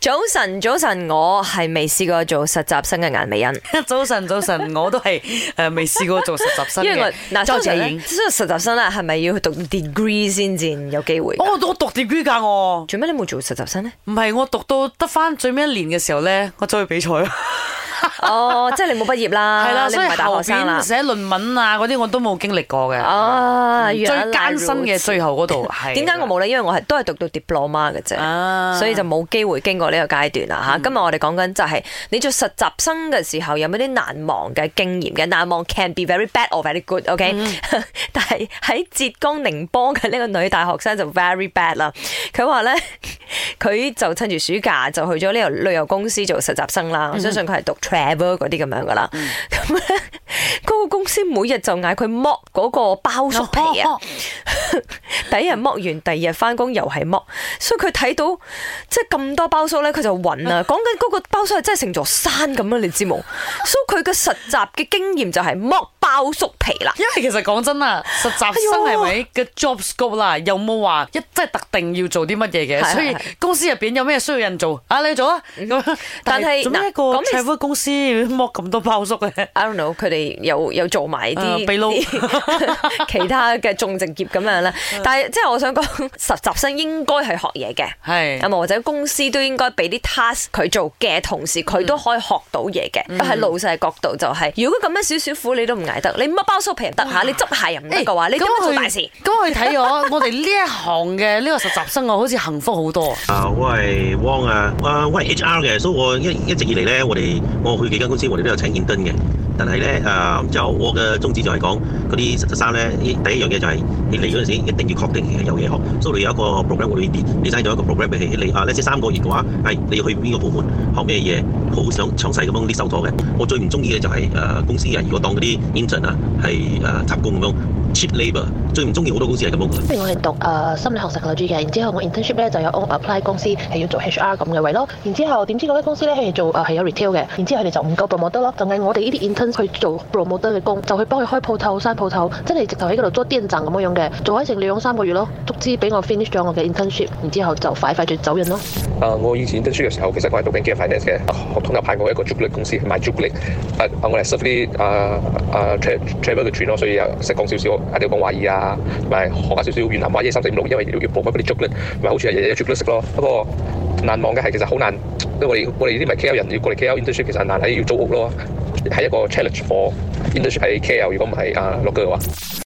早晨，早晨，我係未試過做實習生嘅顏美恩。 早晨，早晨，我都係誒未試過做實習生 因為。嗱，周姐已即係實習生啦，係咪要去讀 degree 先至有機會？我我讀 degree 架，我做咩你冇做實習生咧？唔係，我讀到得翻最尾一年嘅時候咧，我走去比賽咯。 哦，即係你冇畢業啦，係啦的，你唔係大學生啦，所以後邊寫論文啊嗰啲我都冇經歷過嘅。哦，最艱辛嘅最後嗰度係點解我冇呢？因為我係都係讀到 diploma 嘅啫，啊、所以就冇機會經過呢個階段啦。吓、啊，嗯、今日我哋講緊就係你做實習生嘅時候有冇啲難忘嘅經驗嘅？難忘 can be very bad or very good，OK？、Okay? 嗯、 但係喺浙江寧波嘅呢個女大學生就 very bad 啦，佢話呢。 佢就趁住暑假就去咗呢度旅遊公司做實習生啦，我相信佢係讀 travel 嗰啲咁樣噶啦。咁啊、mm，嗰、hmm. 個公司每日就嗌佢剝嗰個包粟皮啊， 第一日剝完，第二日翻工又係剝，所以佢睇到即係咁多包粟咧，佢就暈啦。講緊嗰個包粟係真係成座山咁樣，你知冇？所以佢嘅實習嘅經驗就係剝。包熟皮啦，因為其實講真啦，實習生係咪嘅 job scope 啦，有冇話一即係特定要做啲乜嘢嘅？所以公司入邊有咩需要人做，啊你做啊咁。但係做一個社會公司，剝咁多包熟嘅，I don't know 佢哋有有做埋啲被攞其他嘅種植業咁樣咧。但係即係我想講，實習生應該係學嘢嘅，係咁或者公司都應該俾啲 task 佢做嘅，同時，佢都可以學到嘢嘅。喺老細角度就係，如果咁樣少少苦你都唔你乜包酥皮又得吓，哇你執鞋又唔得嘅話，欸、你咁怎去做大事？咁我哋睇我，我哋呢一行嘅呢個實習生我好似幸福好多 我汪啊！我係汪啊，啊，我係 H R 嘅，所以我一一直以嚟咧，我哋我去幾間公司，我哋都有請見燈嘅。但係呢，誒、呃，就我嘅宗旨就係講嗰啲實習生呢。第一樣嘢就係、是、你嚟嗰陣時，一定要確定係有嘢學。所以你有一個 program 會列列曬咗一個 program 俾你，你啊，呢先三個月嘅話、哎，你要去邊個部門學咩嘢，好想詳細咁樣列清楚嘅。我最唔中意嘅就係、是、誒、呃、公司啊，如果當嗰啲 intern 啊係誒、呃、雜工咁樣。cheap labour 最唔中意好多公司係咁樣嘅。因為我係讀誒、呃、心理學碩士嘅，然之後我 internship 咧就有 apply 公司係要做 HR 咁嘅位咯。然之後點知嗰間公司咧係做誒係有 retail 嘅，然之後佢哋就唔夠 promoter 咯，就嗌我哋呢啲 intern 去做 promoter 嘅工，就去幫佢開鋪頭、閂鋪頭，真係直頭喺嗰度做啲人賺咁樣嘅，做咗成兩三個月咯，直至俾我 finish 咗我嘅 internship，然之後就快快脆走人咯。誒，uh, 我以前 internship 嘅時候其實我係讀經濟 finance 嘅，學、哦、通又派過一個朱古力公司去賣朱古力，誒我係稍微誒誒 travel 嘅團咯，uh, uh, rain, 所以又識講少少。啊要講華語啊，同埋學下少少越南話一三四五六，1, 3, 4, 5, 6, 因為要要，要補翻嗰啲朱古力，咪好似日日有 o l 朱古力食咯。不過難忘嘅係其實好難，因為我哋我哋呢啲咪 KL 人要過嚟 KL internship 其實難喺要租屋咯，係一個 challenge for internship 喺 KL。如果唔係啊，落腳、uh, 嘅話。